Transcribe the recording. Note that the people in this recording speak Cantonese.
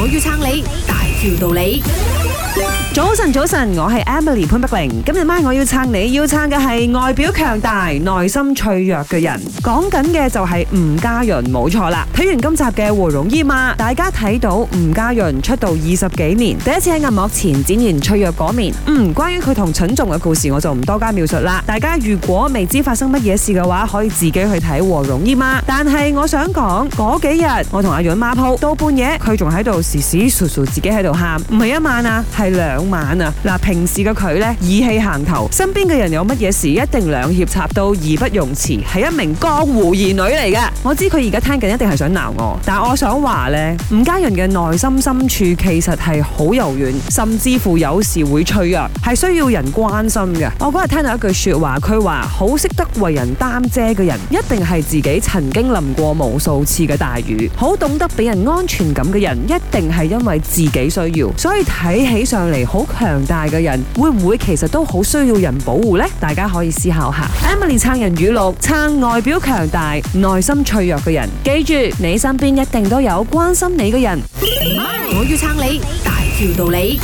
我要撐你，大條道理。早晨，早晨，我係 Emily 潘碧玲。今日晚我要撐你，要撐嘅係外表強大、內心脆弱嘅人。講緊嘅就係吳家潤，冇錯啦。睇完今集嘅《和容姨媽》，大家睇到吳家潤出道二十幾年，第一次喺銀幕前展現脆弱嗰面。嗯，關於佢同蠢眾嘅故事，我就唔多加描述啦。大家如果未知發生乜嘢事嘅話，可以自己去睇《和容姨媽》。但係我想講嗰幾日，我同阿潤孖鋪到半夜，佢仲喺度屎屎簌簌，嘻嘻嘻嘻嘻嘻自己喺度喊。唔係一晚啊，係兩。晚啊！嗱，平時嘅佢呢，義氣行頭，身邊嘅人有乜嘢事一定兩脅插刀、義不容辭，係一名江湖兒女嚟嘅。我知佢而家聽緊一定係想鬧我，但係我想話呢，吳家陽嘅內心深處其實係好柔軟，甚至乎有時會脆弱，係需要人關心嘅。我嗰日聽到一句說話，佢話好識得為人擔遮嘅人，一定係自己曾經淋過無數次嘅大雨；好懂得俾人安全感嘅人，一定係因為自己需要，所以睇起上嚟好強大嘅人會唔會其實都好需要人保護呢？大家可以思考下。Emily 撐人語錄：撐外表強大、內心脆弱嘅人。記住，你身邊一定都有關心你嘅人。我要撐你，大條道理。